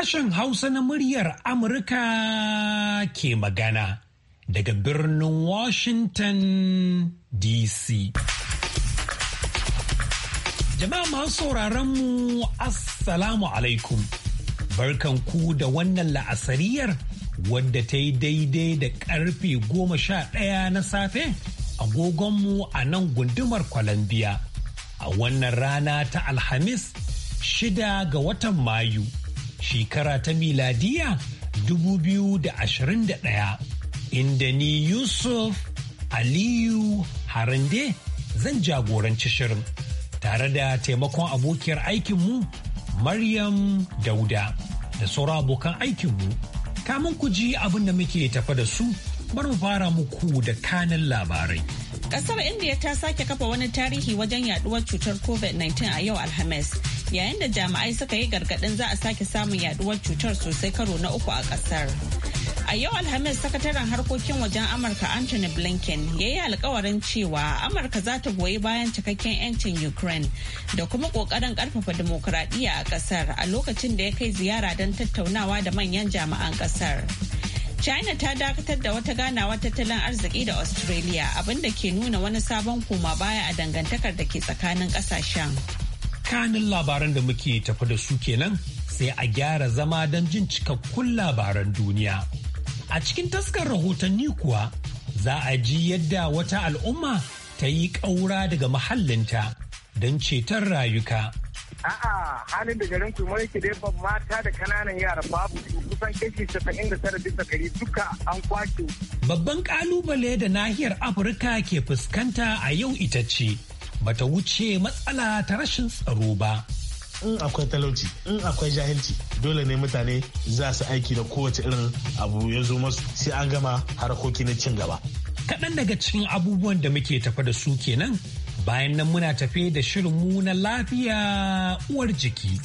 Sashen Hausa na muryar Amurka ke magana daga birnin Washington DC. Jama'a masu sauraron mu Assalamu alaikum. Barkan ku da wannan la'asariyar wadda ta yi daidai da karfe goma sha ɗaya na safe agogonmu a nan gundumar kwalambiya a wannan rana ta alhamis shida ga watan mayu shekara ta miladiya dubu biyu da da ashirin 2021 inda ni yusuf aliyu harande zan jagoranci shirin tare da taimakon abokiyar aikinmu maryam dauda da sauran abokan aikinmu Kamun ku ji abin da muke tafa da su, bari mu fara muku da kanin labarai. Kasar India ta sake kafa wani tarihi wajen yaduwar cutar COVID-19 a yau Alhamis, yayin da jami'ai suka yi gargadin za a sake samun yaduwar cutar sosai karo na uku a kasar. A yau Alhamis sakataren harkokin wajen Amurka Anthony Blinken ya yi alkawarin cewa Amurka za ta goyi bayan cikakken 'yancin Ukraine da kuma kokarin karfafa demokuraɗiyya a ƙasar a lokacin da ya kai ziyara don tattaunawa da manyan jami'an ƙasar. China ta dakatar da wata ganawa tattalin arziki da Australia abinda ke nuna wani sabon koma baya a dangantakar da ke tsakanin kasashen. Kanin labaran da muke tafi da su kenan sai a gyara zama don jin cikakkun labaran duniya. A cikin taskar rahotanni kuwa za a ji yadda wata al'umma ta yi ƙaura daga mahallinta don ceton rayuka. A'a halin da garin ku yake dai ban mata da kananan yara babu kusan kashi casa'in da tara bisa ɗari duka an kwace. Babban ƙalubale da nahiyar Afirka ke fuskanta a yau ita ce bata wuce matsala ta rashin tsaro ba. in akwai talauci in akwai jahilci dole ne mutane za su aiki da kowace irin abu ya zo masu sai an gama harkoki na cin gaba kaɗan daga cikin abubuwan da muke tafa da su kenan bayan nan muna tafe da shirin mu na lafiya uwar jiki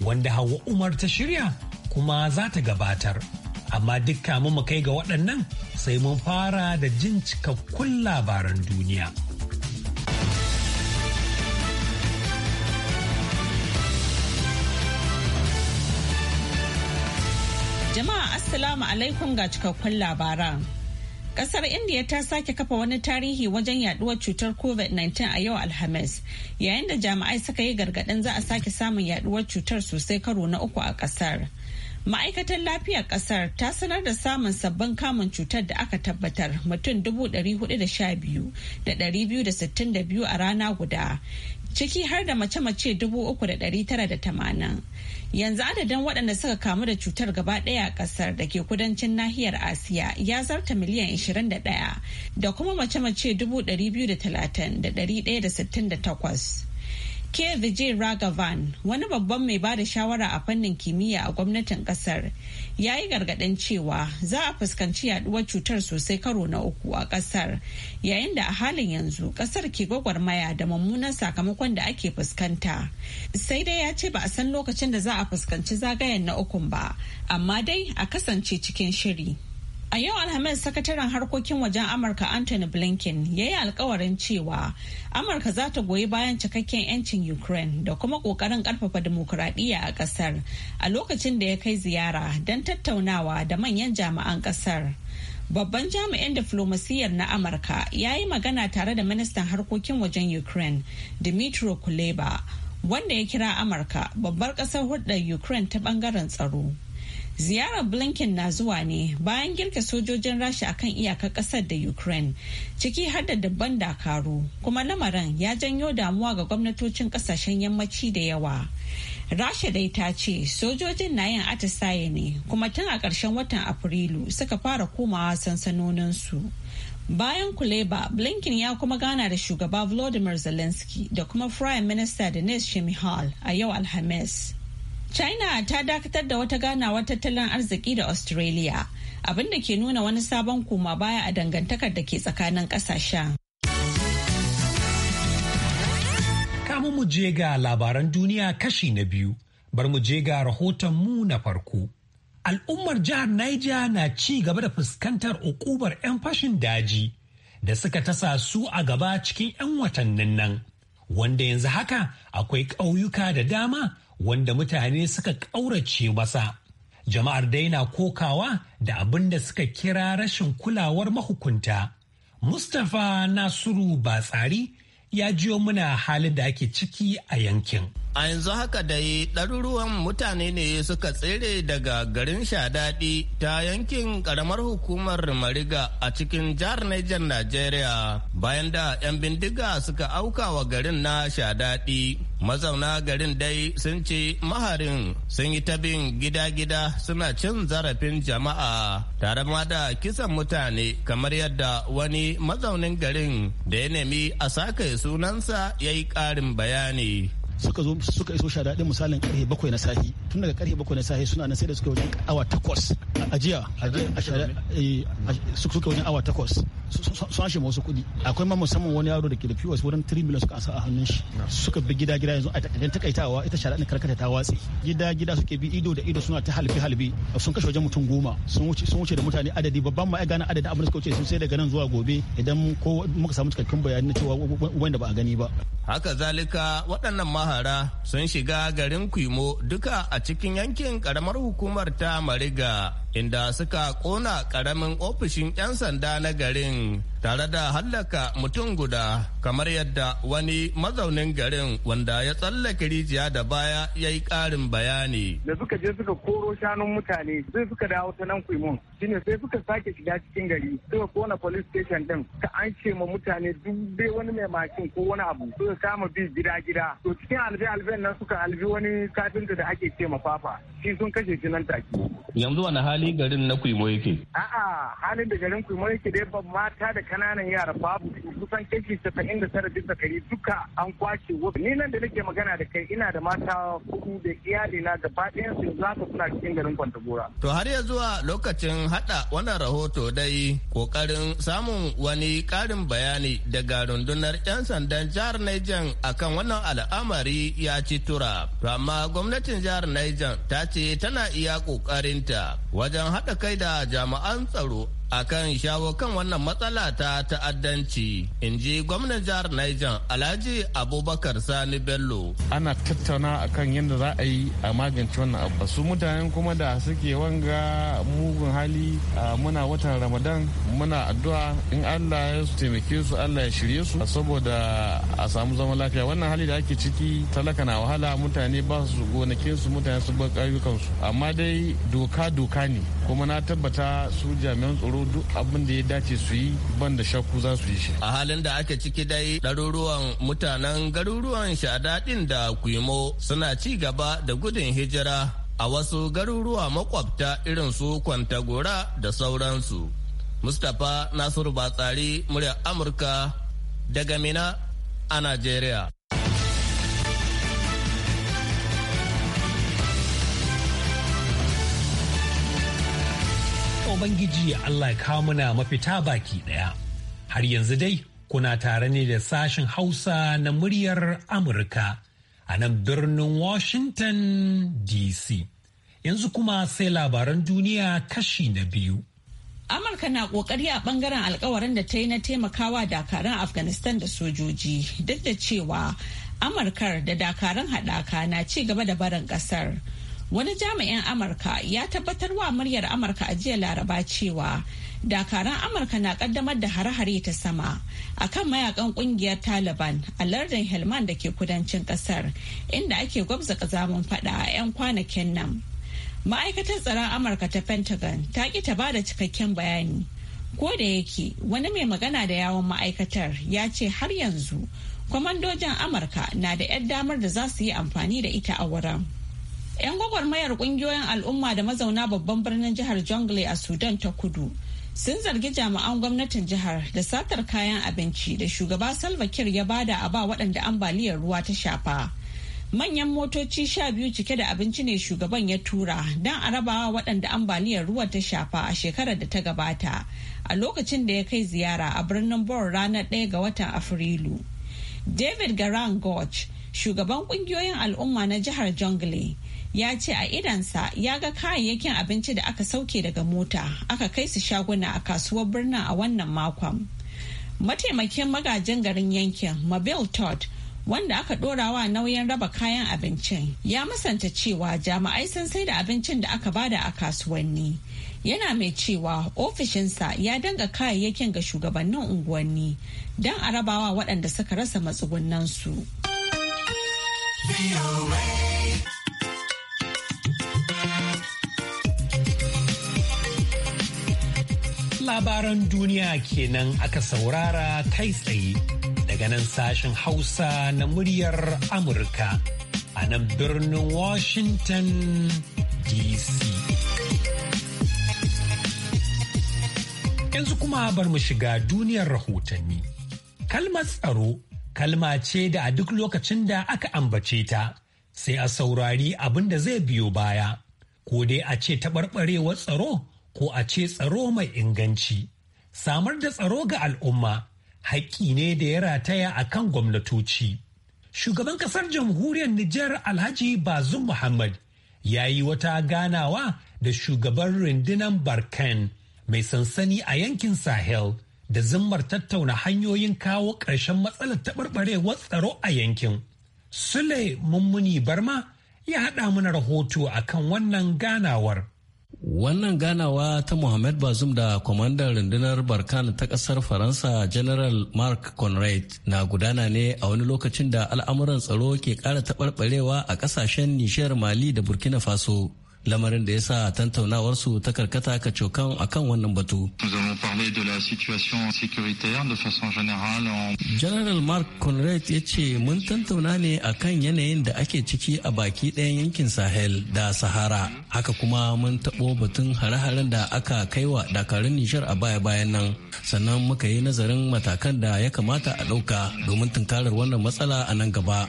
wanda hawa umar ta shirya kuma za ta gabatar amma dukka mu kai ga waɗannan sai mun fara da jin cikakkun labaran duniya. Jama'a Assalamu alaikum ga cikakkun labaran. Kasar India ta sake kafa wani tarihi wajen yaduwar cutar COVID-19 a yau Alhamis, yayin da jami'ai suka yi gargaɗin za a sake samun yaduwar cutar sosai karo na uku a kasar. Ma'aikatar lafiyar kasar ta sanar da samun sabbin kamun cutar da aka tabbatar mutum 412,262 a rana guda, ciki har da mace-mace 3,980. yanzu adadin waɗanda suka kamu da cutar gaba ɗaya a ƙasar da ke kudancin nahiyar asiya ya zarta miliyan 21 da kuma mace-mace 230,168 K. Vijay Raghavan, wani babban mai bada shawara a fannin kimiyya a gwamnatin kasar, ya yi gargaɗin cewa za a fuskanci yaduwar cutar sosai karo na uku a kasar, yayin da a halin yanzu kasar ke gwagwarmaya da mummunan sakamakon da ake fuskanta. Sai dai ya ce ba a san lokacin da za a fuskanci zagayen na ukun ba, amma dai a kasance cikin shiri. A yau Alhamis sakataren harkokin wajen Amurka Anthony Blinken ya yi alkawarin cewa Amurka za ta goyi bayan cikakken 'yancin Ukraine da kuma ƙoƙarin ƙarfafa demokuraɗiyya a ƙasar a lokacin da ya kai ziyara don tattaunawa da manyan jami'an ƙasar. Babban jami'in diflomasiyyar na Amurka ya yi magana tare da ministan harkokin wajen Ukraine, Dmitry Kuleba, wanda ya kira Amurka babbar ƙasar hulɗar Ukraine ta ɓangaren tsaro. Ziyarar Blinken na zuwa ne bayan girka sojojin Rasha akan iyakar kasar da Ukraine, ciki har da dabban dakaru, kuma lamarin ya janyo damuwa ga gwamnatocin kasashen yammaci da yawa. Rasha dai ta ce sojojin na yin atisaye ne kuma tun a ƙarshen watan Afrilu suka fara komawa sansanoninsu. Bayan Kuleba, Blinken ya kuma gana da shugaba Vladimir Zelensky da kuma Prime Minister Denis Shimihal a yau Alhamis. China ta dakatar da wata ganawa tattalin arziki da Australia, abin da ke nuna wani sabon koma baya a dangantakar da ke tsakanin kasashen. Kamu mu je ga labaran duniya kashi na biyu, bar mu je ga rahoton mu na farko. Al'ummar jihar Niger na ci gaba da fuskantar ukubar 'yan fashin daji da suka tasa su a gaba cikin 'yan watannin nan. Wanda yanzu haka akwai ƙauyuka da dama wanda mutane suka ƙaurace masa. Jama'ar dai na kokawa da abin da suka kira rashin kulawar mahukunta. Mustapha Nasiru Batsari ya jiyo muna halin da ake ciki a yankin. A yanzu haka dai ɗaruruwan mutane ne suka tsere daga garin Shadaɗi ta yankin ƙaramar hukumar Mariga a cikin jihar Niger Najeriya bayan da 'yan bindiga suka auka wa garin na Shadaɗi. Mazauna garin dai sun ce maharin sun yi ta bin gida-gida suna cin zarafin jama'a tare ma da kisan mutane kamar yadda wani mazaunin garin da ya nemi a sake sunansa ya yi ƙarin bayani. suka zo suka iso sha daɗin misalin karfe bakwai na sahi tun daga karfe bakwai na sahi suna nan sai da suka wajen awa takwas ajiya eh, su suka wani awa takwas sun ashe masu kudi akwai ma musamman wani yaro da ke da pos wurin 3 million suka asa a hannun shi suka bi gida gida yanzu a kai takaitawa ita shara ne karkata ta watsi gida gida suke bi ido da ido suna ta halbe halbe sun kashe wajen mutum goma sun wuce da mutane adadi babban ma ya gane adadin abin da suka wuce sun sai daga nan zuwa gobe idan ko muka samu cikakken bayani na cewa wanda ba a gani ba haka zalika waɗannan mahara sun shiga garin kuimo duka a cikin yankin karamar hukumar ta mariga inda suka kona karamin ofishin 'yan sanda na garin tare da hallaka mutum guda kamar yadda wani mazaunin garin wanda ya tsallake rijiya da baya ya yi ƙarin bayani. Da suka je suka koro shanun mutane sai suka dawo ta nan kuimun shine sai suka sake shiga cikin gari suka kona police station din ka an ce ma mutane duk dai wani mai makin ko wani abu suka kama bi gida gida to cikin albe alfen nan suka alfi wani kafinta da ake ce ma fafa shi sun kashe shi nan take. Yanzu wani hali hali garin na kuimo yake? A'a halin da garin kuimo yake dai ban mata da kananan yara babu kusan kashi saba'in da tara bisa ɗari duka an kwace wasu. Ni nan da nake magana da kai ina da mata hudu da iyali na gaba su za su suna cikin garin Kwantagora. To har ya zuwa lokacin haɗa wannan rahoto dai kokarin samun wani karin bayani daga rundunar 'yan sandan jihar Niger akan wannan al'amari ya ci tura. Amma gwamnatin jihar Niger ta ce tana iya ƙoƙarinta wajen wajen haɗa kai da jami'an tsaro akan shawo kan wannan matsala ta ta'addanci in ji gwamnan jihar Niger Alhaji Abubakar Sani Bello. Ana tattauna akan yadda za a yi a magance wannan abu. Su mutanen kuma da suke wanga mugun hali muna watan Ramadan muna addu'a in Allah ya taimake su Allah ya shirye su saboda a samu zaman lafiya wannan hali da ake ciki talaka na wahala mutane ba su gonakin su mutane su bar su amma dai doka doka ne kuma na tabbata su jami'an tsaro duk abin da ya dace su yi ban da shakku za su yi shi a halin da ake ciki dai ɗaruruwan mutanen garuruwan ɗin da kuimo suna ci gaba da gudun hijira a wasu garuruwa makwabta irin su kwantagora da sauransu mustapha nasiru batsari muryar amurka daga mina a najeriya Ubangiji Allah ya kawo muna mafita baki ɗaya. Har yanzu dai kuna tare ne da sashen Hausa na muryar Amurka a nan birnin Washington DC. Yanzu kuma sai labaran duniya kashi na biyu. Amurka na ƙoƙari a ɓangaren alkawarin da ta yi na taimakawa dakaran Afghanistan da sojoji duk da cewa Amurkar da dakaran haɗaka na ci gaba da barin ƙasar. wani jami'in amurka ya tabbatar wa muryar amurka a jiya laraba cewa dakaran amurka na kaddamar da hare-hare ta sama a kan mayakan kungiyar taliban a lardin helman da ke kudancin kasar inda ake gwabza zamun fada a 'yan kwanakin nan ma'aikatar tsaron amurka ta pentagon ta ki ta bada cikakken bayani ko da yake wani mai magana da yawon ma'aikatar ya ce har yanzu kwamandojin amurka na da 'yan damar da za su yi amfani da ita a wurin. 'Yan gwagwarmayar kungiyoyin al'umma da mazauna babban birnin jihar Jongle a Sudan ta kudu sun zargi jami'an gwamnatin jihar da satar kayan abinci da shugaba Salva Kiir ya bada a ba waɗanda ambaliyar ruwa ta shafa. Manyan motoci sha biyu cike da abinci ne shugaban ya tura don a rabawa waɗanda ambaliyar ruwa ta shafa a shekarar da ta gabata a lokacin da ya kai ziyara a birnin Bor ranar 1 ga watan Afrilu. David Garang shugaban kungiyoyin al'umma na jihar Jongle, ya ce a idansa ya ga kayayyakin abinci da aka sauke daga mota aka kai su shaguna a kasuwar birnin a wannan makon mataimakin magajin garin yankin mabel todd wanda aka dorawa nauyin raba kayan abincin ya musanta cewa jami'ai sun sai da abincin da aka bada a kasuwanni yana mai cewa ofishinsa ya danga kayayyakin ga shugabannin unguwanni don a rabawa waɗanda suka rasa matsugunansu. Labaran duniya kenan aka saurara kai tsaye daga nan sashen Hausa na muryar Amurka a nan birnin Washington DC. Yanzu kuma bar mu shiga duniyar rahotanni. Kalmar tsaro kalma ce da a duk lokacin da aka ambace ta sai a saurari abin da zai biyo baya. Ko dai a ce taɓarɓarewar tsaro ko a ce tsaro mai inganci. Samar da tsaro ga al'umma haƙƙi ne da ya rataya a kan gwamnatoci. Shugaban ƙasar jamhuriyar Nijar Alhaji Bazum Muhammad ya yi wata ganawa da shugaban rundunar Barkan mai sansani a yankin Sahel da zimmar tattauna hanyoyin kawo ƙarshen matsalar taɓarɓarewar tsaro a yankin. Sule Mummuni Barma ya haɗa mana rahoto akan wannan ganawar. Wannan ganawa ta Mohamed Bazoum da kwamandan rundunar Barkan ta ƙasar Faransa General Mark Conrad na gudana ne a wani lokacin da al'amuran tsaro ke ƙara taɓarɓarewa a ƙasashen Nishiyar Mali da Burkina Faso. lamarin da ya sa su ta karkata ka cokan akan wannan batu. General Mark Conrad ya ce mun tantauna ne akan yanayin da ake ciki a baki ɗayan yankin Sahel da Sahara. Haka kuma mun taɓo batun hare-haren da aka kaiwa dakarun Nishar a baya-bayan nan. Sannan muka yi nazarin matakan da ya kamata a ɗauka domin tunkarar wannan matsala a nan gaba.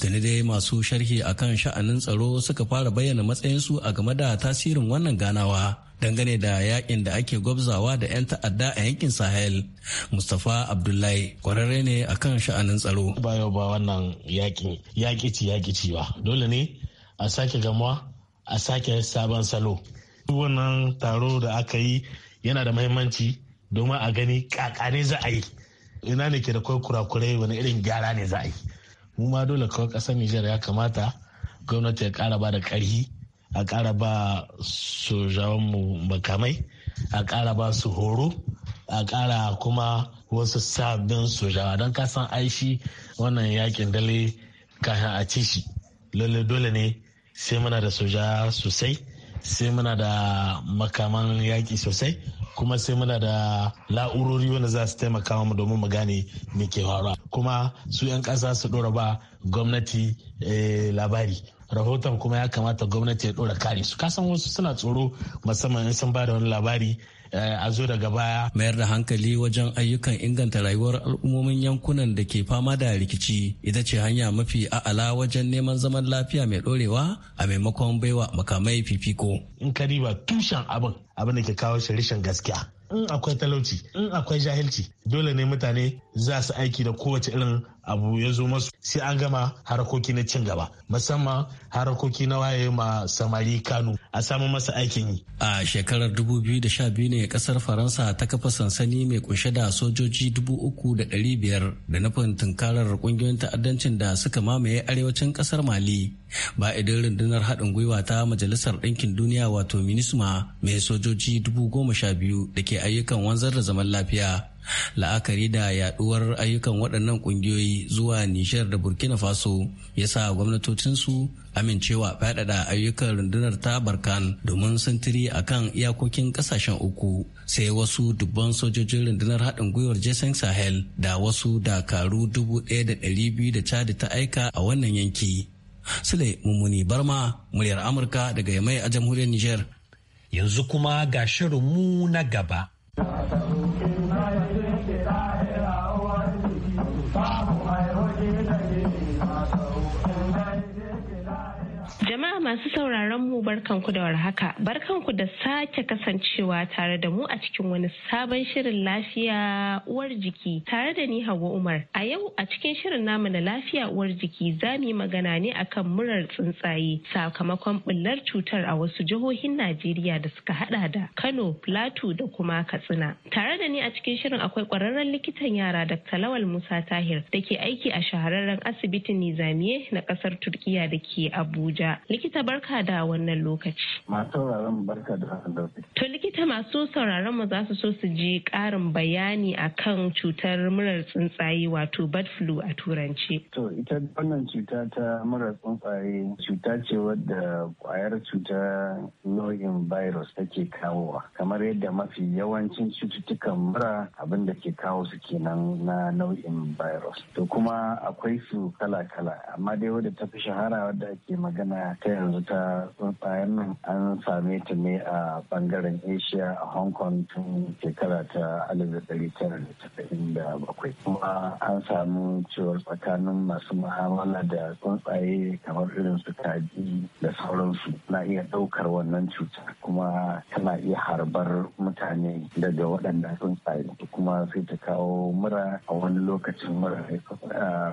Tani dai masu sharhi a akan sha'anin tsaro suka fara bayyana matsayinsu a game da tasirin wannan ganawa dangane da yakin da ake gwabzawa da 'yan ta'adda a yankin sahel mustapha abdullahi kwararre ne akan sha'anin tsaro ba ba wannan yakin yakici yakici ba dole ne a sake gamuwa a sake sabon salo wannan taro da aka yi yana da mahimmanci domin a gani kakane za a yi ina ne ke da kwai kurakurai wani irin gyara ne za a yi mu ma dole kawai ƙasar Nijar ya kamata gwamnati ya kara ba da ƙarhi a kara ba mu makamai a kara ba su horo a kara kuma wasu sabbin sojawa don kasan aishi wannan yakin dale kafin a ci shi lalle dole ne sai muna da soja sosai sai muna da makaman yaƙi sosai kuma sai muna da la'urori wanda za su taimaka mu domin mu gane me ke faruwa kuma su 'yan ƙasa su ɗora ba gwamnati eh, labari rahoton kuma ya kamata gwamnati ya ɗora kare su kasan wasu suna tsoro musamman in sun ba da wani labari Eh, a zo daga baya. Mayar da hankali wajen ayyukan inganta rayuwar al'ummomin yankunan da ke fama da rikici ita ce hanya mafi a'ala wajen neman zaman lafiya mai ɗorewa a maimakon baiwa makamai fifiko. In ka riba tushen abin abin da ke kawo shi rashin gaskiya. In akwai talauci, in akwai jahilci, dole ne mutane za su aiki da kowace irin abu ya zo masu sai an gama harkoki na cin gaba musamman harkoki na waye ma samari kano a samu masa aikin yi a shekarar 2012 ne kasar faransa ta kafa sansani mai kunshe da sojoji 3,500 da nufin tunkarar kungiyoyin ta'addancin da suka mamaye arewacin kasar mali ba idan rundunar haɗin gwiwa ta majalisar ɗinkin duniya wato minisma mai sojoji 12,000 da ke ayyukan wanzar da zaman lafiya la'akari da yaduwar ayyukan waɗannan ƙungiyoyi zuwa nishar da burkina faso ya sa gwamnatocinsu amincewa faɗaɗa ayyukan rundunar ta barkan domin sintiri a kan iyakokin ƙasashen uku sai wasu dubban sojojin rundunar haɗin gwiwar jason sahel da wasu dakaru dubu ɗaya da ɗari biyu da cadi ta aika a wannan yanki sule mummuni barma muryar amurka daga yamai a jamhuriyar niger yanzu kuma ga shirinmu na gaba. masu sauraron mu barkanku da warhaka. Barkanku da sake kasancewa tare da mu a cikin wani sabon shirin lafiya uwar jiki tare da ni Hauwa Umar. A yau a cikin shirin namu na lafiya uwar jiki za mu yi magana ne akan murar tsuntsaye sakamakon bullar cutar a wasu jihohin Najeriya da suka hada da Kano, Plateau da kuma Katsina. Tare da ni a cikin shirin akwai kwararren likitan yara Dr. Lawal Musa Tahir da ke aiki a shahararren asibitin Nizamiye na kasar Turkiya da ke Abuja. Likita likita barka da wannan lokaci. Masu sauraron barka da wannan lokaci. To likita masu sauraron mu za su so su ji ƙarin bayani akan cutar murar tsuntsaye wato bird flu a turanci. To ita wannan cuta ta murar tsuntsaye cuta ce wadda kwayar cuta nau'in virus take kawowa kamar yadda mafi yawancin cututtukan mura abin da ke kawo su kenan na nau'in virus. To kuma akwai su kala-kala amma dai wadda ta fi shahara wadda ake magana ta yanzu yanzu ta tsuntsayen nan an same ta ne a bangaren asia a hong kong tun shekara ta bakwai, kuma an samu cewar tsakanin masu mu'amala da tsuntsaye kamar irin su kaji da sauransu na iya ɗaukar wannan cuta kuma tana iya harbar mutane daga waɗanda tsuntsaye kuma sai ta kawo mura a wani lokacin mura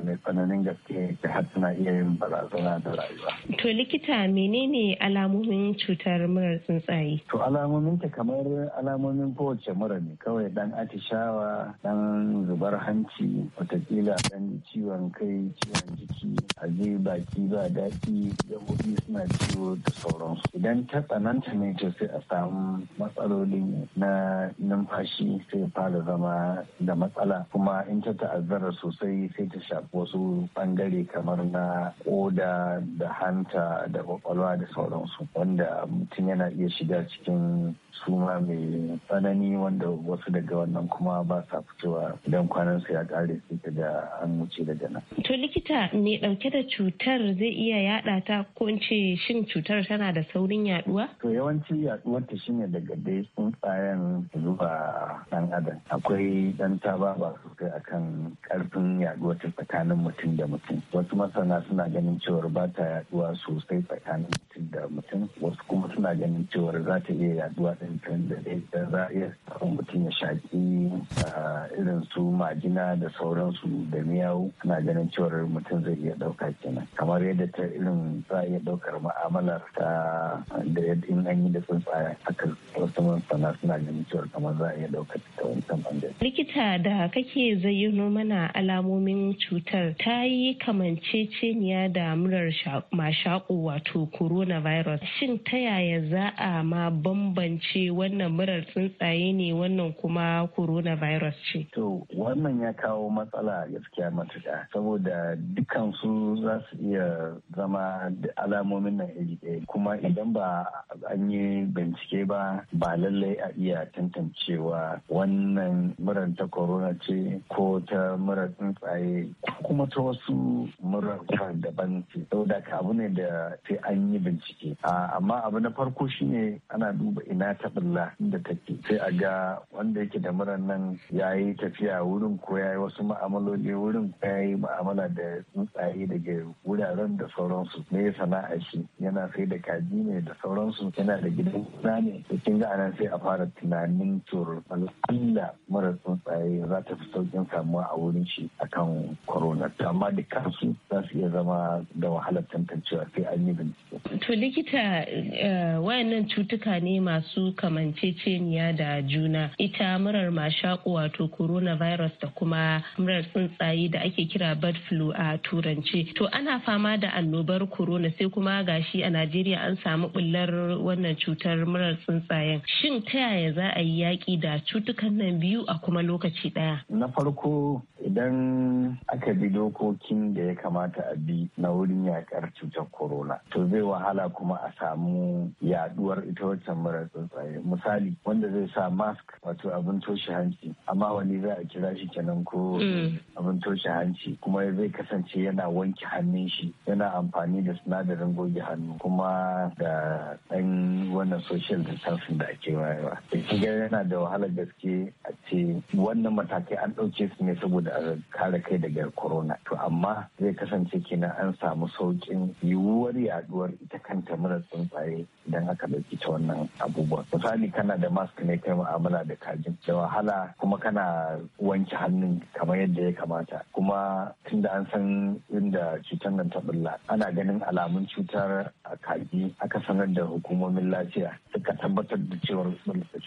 mai tsananin gaske da har tana iya yin barazana da rayuwa. To likita menene alamomin cutar murar tsuntsaye? To alamomin ta kamar alamomin kowace mura ne kawai dan atishawa, dan zubar hanci, watakila dan ciwon kai, ciwon jiki, a aje baki ba daɗi, gabobi suna ciwo da sauransu. Idan ta tsananta ne to sai a samu matsaloli na numfashi sai fara zama da matsala kuma in ta ta'azzara sosai sai ta shafi wasu bangare kamar na ƙoda da hanta da kwakwalwa da sauransu wanda mutum yana iya shiga cikin suma mai tsanani wanda wasu daga wannan kuma ba sa fitowa idan su ya kare su da an wuce daga nan. To likita mai dauke da cutar zai iya yada ta ko in ce shin cutar tana da saurin yaduwa? To yawanci yaduwar ta shine daga dai tsuntsayen zuwa dan adam akwai dan taba ba a akan karfin yaduwa ta tsakanin mutum da mutum wasu masana suna ganin cewar ba ta yaduwa sosai tsakanin lokacin da mutum wasu kuma suna ganin cewar za ta iya yaduwa ɗin tun da za a iya samun mutum ya shaƙi ah, irin su majina da sauransu da miyawu suna ganin cewar mutum zai iya ɗauka kenan kamar yadda ta irin za a iya ɗaukar ma'amalar ta ah, da in an yi da tsuntsaye haka wasu sana suna ganin cewar kamar za a iya ɗaukar ta wancan ɓangare. likita da kake zayyano mana alamomin cutar ta yi kamanceceniya da murar mashaƙo wato corona coronavirus shin ta yaya za a ma bambance wannan murar tsuntsaye ne wannan kuma coronavirus ce to wannan ya kawo matsala gaskiya matuƙa saboda dukansu za su iya zama da alamomin na iri ɗaya kuma idan ba an yi bincike ba ba lallai a iya tantancewa wannan murar ta corona ce ko ta murar tsuntsaye kuma ta wasu murar daban ce saboda abu ne da sai an yi bincike bincike amma abu na farko shine ana duba ina ta bulla inda take sai a ga wanda yake da muran nan ya tafiya wurin ko ya wasu ma'amaloli wurin ko ya yi ma'amala da tsuntsaye daga wuraren da sauransu me ya sana'a shi yana sai da kaji ne da sauransu yana da gidan gona ne da kin ga anan sai a fara tunanin tsoro al'alla mara tsuntsaye za ta fi saukin samuwa a wurin shi akan corona amma da kansu za su iya zama da wahalar tantancewa sai an yi bincike. To likita eh, wayannan cutuka ne masu kamanceceniya da juna ita murar mashaƙo wato coronavirus da kuma murar tsuntsaye da ake kira bird flu a turance. To ana fama da annobar corona sai kuma gashi a Najeriya an samu bullar wannan cutar murar tsuntsayen. Shin ta yaya za a yi yaƙi da cutukan nan biyu a kuma lokaci ɗaya? Na farko idan aka bi dokokin da ya kamata a bi na wurin yaƙar cutar corona to zai wahala wahala kuma a samu yaduwar ita waccan mara tsuntsaye misali wanda zai sa mask wato abin toshe hanci amma wani za a kira shi kenan ko mm. abin toshe hanci kuma zai kasance yana wanke hannun shi yana amfani da sinadarin goge hannu kuma da ɗan wannan social distancing da ake wayewa da eh, kiga yana da wahalar gaske a ce wannan matakai an ɗauke su ne saboda a kare kai daga corona to amma zai kasance kenan an samu saukin yiwuwar yaduwar ita kanta mura tsuntsaye idan aka dauki ta wannan abubuwan misali kana da mask ne kai mu'amala da kajin da wahala kuma kana wanke hannun kamar yadda ya kamata kuma tunda an san inda cutar nan ta bulla ana ganin alamun cutar kaji aka sanar da hukumomin lafiya suka tabbatar da cewar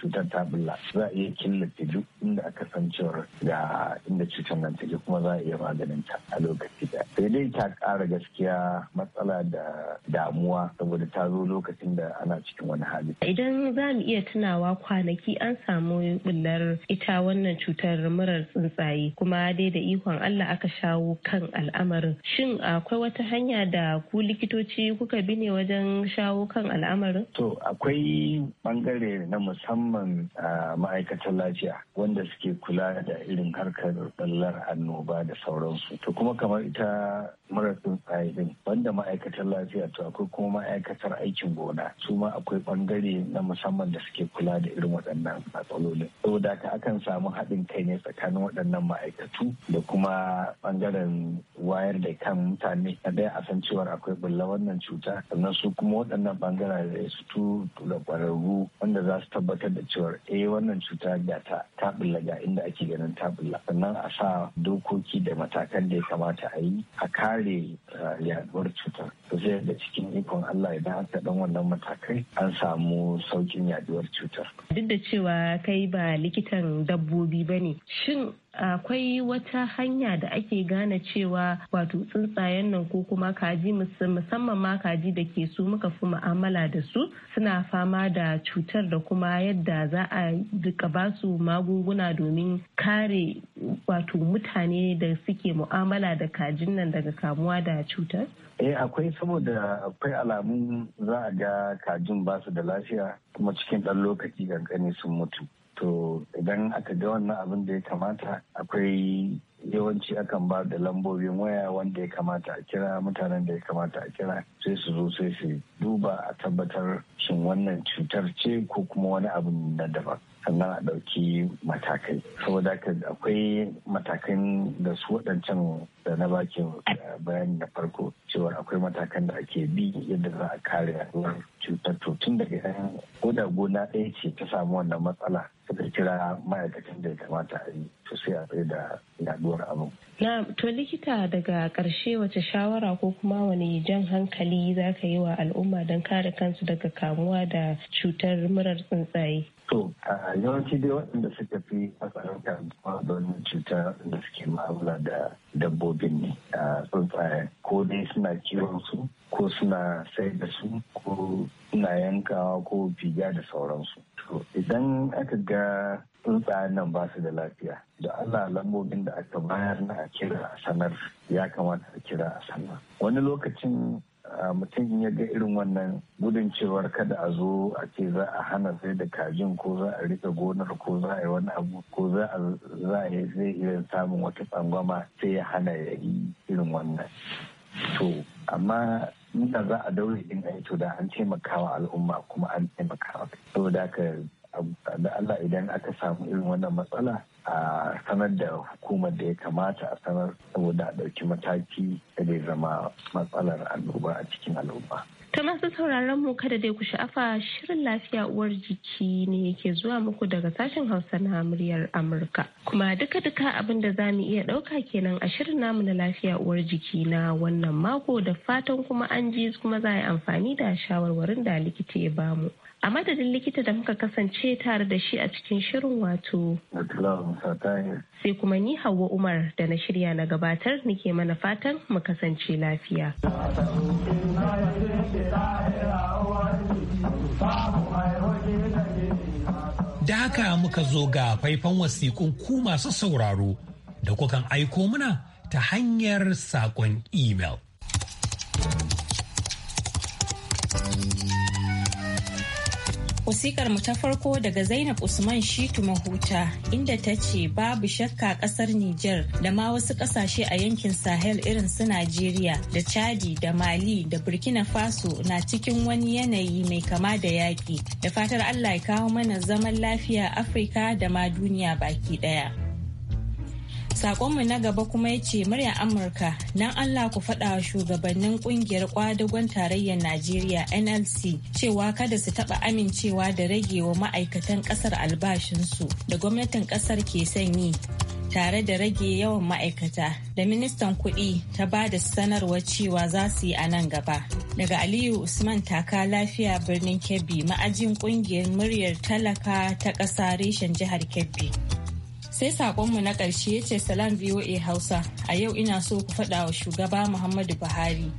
cutar ta bulla za a iya killace duk inda aka san cewar ga inda cutar nan take kuma za a iya maganin ta a lokaci da sai dai ta kara gaskiya matsala da damuwa saboda ta zo lokacin da ana cikin wani hali. Idan za mu iya tunawa kwanaki an samu bullar ita wannan cutar murar tsuntsaye kuma dai da ikon Allah aka shawo kan al'amarin. Shin akwai wata hanya da ku likitoci kuka bi ne ne wajen shawo kan al'amarin? To akwai bangare na musamman a ma'aikatan lafiya wanda suke kula da irin harkar ɓallar annoba da sauransu. To kuma kamar ita marasin tsuntsaye banda ma'aikatan lafiya to akwai kuma ma'aikatar aikin gona su ma akwai bangare na musamman da suke kula da irin waɗannan matsalolin saboda ka akan samu haɗin kai ne tsakanin waɗannan ma'aikatu da kuma bangaren wayar da kan mutane na daya a san cewar akwai bulla wannan cuta sannan su kuma waɗannan bangare su da ƙwararru wanda za su tabbatar da cewar eh wannan cuta da ta tabilla ga inda ake ganin tabula sannan a sa dokoki da matakan da ya kamata a yi a kare eh, yaduwar cutar to sai da cikin ikon Allah idan aka ɗan wannan matakai an samu saukin yaduwar cutar duk da cewa kai ba likitan dabbobi bane shin akwai wata hanya da ake gane cewa wato tsuntsayen nan ko kuma kaji musamman ma kaji da ke su muka fi mu'amala da su suna fama da cutar da kuma yadda za a duka ba su magunguna domin kare wato mutane da suke mu'amala da kajin nan daga kamuwa da cutar? Eh akwai saboda akwai alamun za a ga kajin ba su da lafiya kuma cikin ɗan lokaci kankani sun mutu. to idan aka ga wannan abin da ya kamata akwai yawanci akan ba da lambobin waya wanda ya kamata a kira mutanen da ya kamata a kira sai su zo sai su duba a tabbatar shin wannan cutar ce ko kuma wani abu na daban sannan a ɗauki matakai saboda akwai matakan da su waɗancan da na bakin eh, bayani na farko cewa akwai matakan da ake bi yadda za a kare yaduwar cutar to tun daga yan koda gona ɗaya ce ta samu wannan matsala suka kira ma'aikatan da ya kamata a yi to sai a tsaye da yaduwar abu na to likita daga karshe wace shawara ko kuma wani jan hankali za ka yi wa al'umma don kare kansu daga kamuwa da cutar murar tsuntsaye. To, yawanci dai waɗanda suka fi tsarin kamuwa da cuta da suke ma'amala da dabbobi binne tsuntsayen ko dai suna kiwon su ko suna sai da su ko suna yankawa ko figa da sauransu idan aka ga tsuntsayen nan ba su da lafiya da allah lambobin da aka bayar na a kira a sanar ya kamata a kira a sanar wani lokacin Ah, mutum ya ga irin wannan gudun cewar kada a zo a ce za a hana sai da kajin ko za a rika gonar ko za a yi wani abu ko za a yi zai irin samun wata tsangwama sai ya hana ya yi irin wannan to amma inda za a daure din a to da an taimakawa al'umma kuma an taimakawa saboda haka da Allah idan aka samu irin wannan matsala a sanar da hukumar da ya kamata a sanar saboda a ɗauki mataki da zai zama matsalar annoba a cikin al'umma. Ta masu sauraron mu kada dai ku sha'afa shirin lafiya uwar jiki ne yake zuwa muku daga sashen Hausa na muryar Amurka. Kuma duka-duka abin da za mu iya ɗauka kenan a shirin namu na lafiya uwar jiki na wannan mako da fatan kuma an ji kuma za a yi amfani da shawarwarin da likita ya bamu. a madadin likita da muka kasance tare da shi a cikin shirin wato sai kuma ni hawa umar da na shirya na gabatar nike mana fatan mu kasance lafiya da haka muka zo ga faifan wasiƙun ku masu sauraro da kukan aiko muna ta hanyar saƙon imel. Wasikar mu ta farko daga Zainab Usman Shitu Mahuta inda ta ce babu shakka kasar Nijar da ma wasu kasashe a yankin Sahel irin su Najeriya da Chadi da Mali da Burkina Faso na cikin wani yanayi mai kama da yaƙi. Da fatar Allah ya kawo mana zaman lafiya Afirka da ma duniya baki daya. Sakonmu na gaba kuma ya ce murya Amurka nan Allah ku faɗa shugabannin kungiyar kwadagon tarayyar Najeriya NLC cewa kada su taɓa amincewa da rage wa ma'aikatan ƙasar albashinsu da gwamnatin ƙasar ke sanyi tare da rage yawan ma'aikata da ministan kuɗi ta ba da sanarwar cewa za su yi a nan gaba. Daga Aliyu Usman Taka Lafiya Birnin Kebbi ma'ajin ƙungiyar muryar talaka ta ƙasa reshen jihar Kebbi. sai sakonmu na ƙarshe ya ce salam voa hausa a yau ina so ku faɗa wa shugaba muhammadu buhari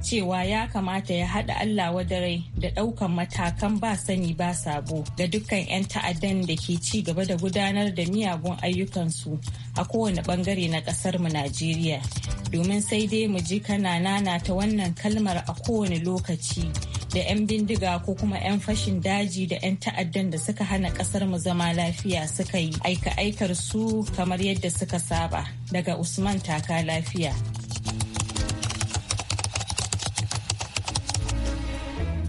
cewa ya kamata ya haɗa allah wadarai da ɗaukan matakan ba sani ba sabo ga dukkan 'yan ta'addan da ke ci gaba da gudanar da miyagun ayyukansu a kowane ɓangare na ƙasar mu najeriya domin sai dai mu ji kana nana ta wannan kalmar a kowane lokaci da 'yan bindiga ko kuma 'yan fashin daji da 'yan ta'addan da suka hana kasar mu zama lafiya suka yi aika-aikar su kamar yadda suka saba daga usman taka lafiya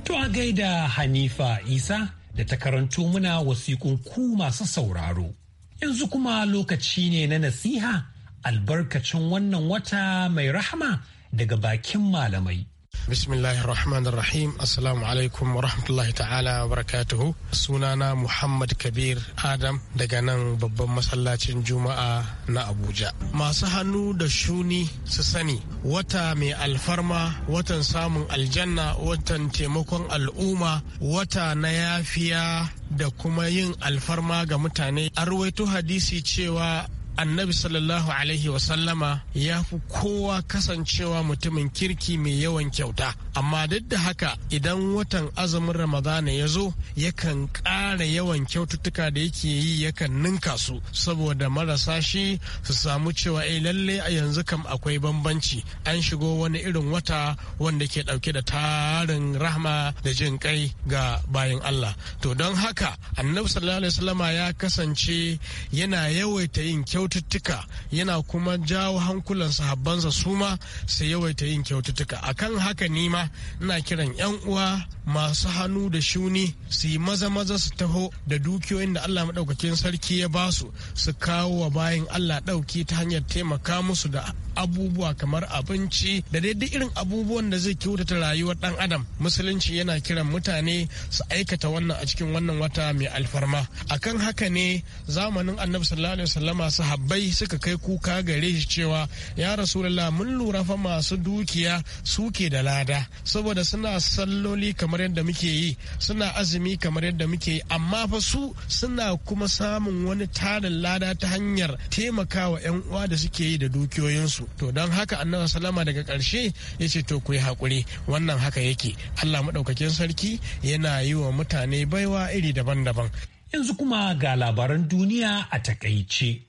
to a gaida hanifa isa da ta karanto muna wasiƙun ku masu sauraro yanzu kuma lokaci ne na nasiha albarkacin wannan wata mai rahama daga bakin malamai bismillahir rahmanir rahim alaikum wa rahmatullahi ta'ala wa barakatuhu sunana muhammad kabir adam daga nan babban masallacin juma'a na abuja masu hannu da shuni su sani wata mai alfarma watan samun aljanna watan taimakon al'umma wata na yafiya da kuma yin alfarma ga mutane Arwaito hadisi cewa annabi sallallahu alaihi wasallama ya fi kowa kasancewa mutumin kirki mai yawan kyauta amma duk da haka idan watan azumin ramadana ya zo yakan ƙara yawan kyaututtuka da yake yi yakan ninka su saboda marasa shi su samu cewa a eh, lalle a yanzu kam akwai bambanci an shigo wani irin wata wanda ke ɗauke da tarin rahma da jin kai ga bayan Allah to don haka annabi sallallahu alaihi wasallama ya kasance yana yawaita yin kyau kyaututtuka yana kuma jawo hankulan sahabbansa su ma su yawaita yin kyaututtuka akan haka nima ma ina kiran yan uwa masu hannu da shuni su yi maza maza su taho da dukiyoyin da Allah madaukakin sarki ya basu su kawo wa bayan Allah dauki ta hanyar taimaka musu da abubuwa kamar abinci da daidai irin abubuwan da zai kyautata rayuwar dan adam musulunci yana kiran mutane su aikata wannan a cikin wannan wata mai alfarma akan haka ne zamanin annabi sallallahu alaihi wasallama sahabbai suka kai kuka gare shi cewa ya rasulullah mun lura fa masu dukiya suke da lada saboda suna salloli kamar yadda muke yi suna azumi kamar yadda muke yi amma fa su suna kuma samun wani tarin lada ta hanyar taimakawa 'yan uwa da suke yi da dukiyoyinsu to don haka annabi Salama daga ƙarshe ya ce to ku yi haƙuri wannan haka yake allah maɗaukakin sarki yana yi wa mutane baiwa iri daban-daban yanzu kuma ga labaran duniya a takaice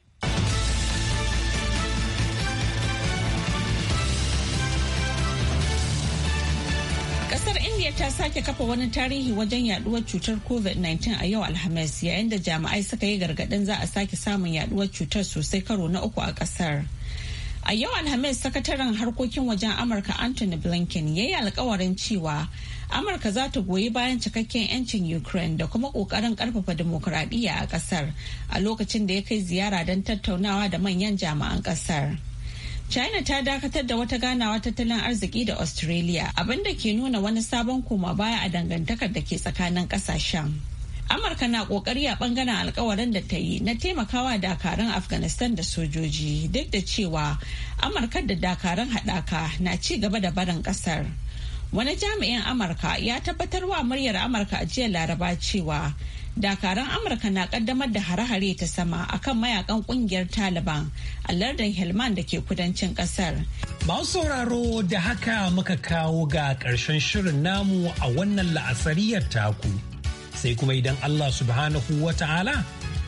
ta sake kafa wani tarihi wajen yaduwar cutar covid-19 a yau alhamis yayin da jami'ai suka yi gargadin za a sake samun yaduwar cutar sosai karo na uku a kasar A yau Alhamis sakataren harkokin wajen Amurka Anthony Blinken ya yi alkawarin cewa Amurka za ta goyi bayan cikakken 'yancin Ukraine da kuma ƙoƙarin ƙarfafa demokuraɗiyya a ƙasar a lokacin da ya kai ziyara don tattaunawa da manyan jami'an ƙasar. China ta dakatar da wata ganawa tattalin arziki da Australia abinda ke nuna wani sabon koma baya a dangantakar da ke tsakanin ƙasashen. amurka na kokari a bangaren alkawarin da ta yi na taimakawa dakarun afghanistan da sojoji duk da cewa amurka da dakarun haɗaka na ci gaba da barin ƙasar wani jami'in amurka ya tabbatar wa muryar amurka a jiya laraba cewa dakarun amurka na kaddamar da hare-hare ta sama akan mayakan kungiyar taliban a lardin helman da ke kudancin kasar masu sauraro da haka muka kawo ga ƙarshen shirin namu a wannan la'asariyar taku sai kuma idan Allah subhanahu wa ta'ala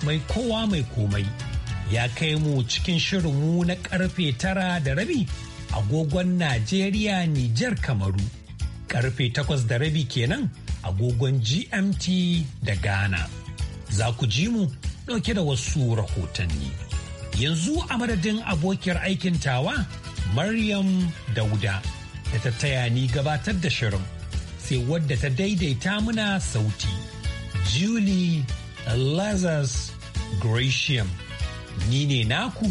mai kowa mai komai ya kai mu cikin shirin mu na karfe tara da rabi agogon Najeriya Nijar Kamaru karfe takwas da rabi kenan agogon GMT da Ghana. Za ku ji mu ɗauke da wasu rahotanni. Yanzu a madadin abokiyar aikin tawa Maryam Dauda da ta taya ni gabatar da shirin sai wadda ta daidaita muna sauti. Julie Lazarus Gratiam. Ni ne naku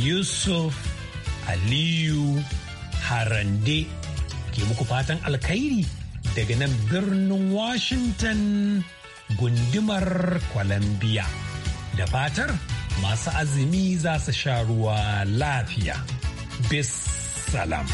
Yusuf Aliyu Harande ke muku fatan alkhairi daga nan birnin Washington gundumar Columbia. Da fatar masu azumi za su sha ruwa lafiya. Bis salam.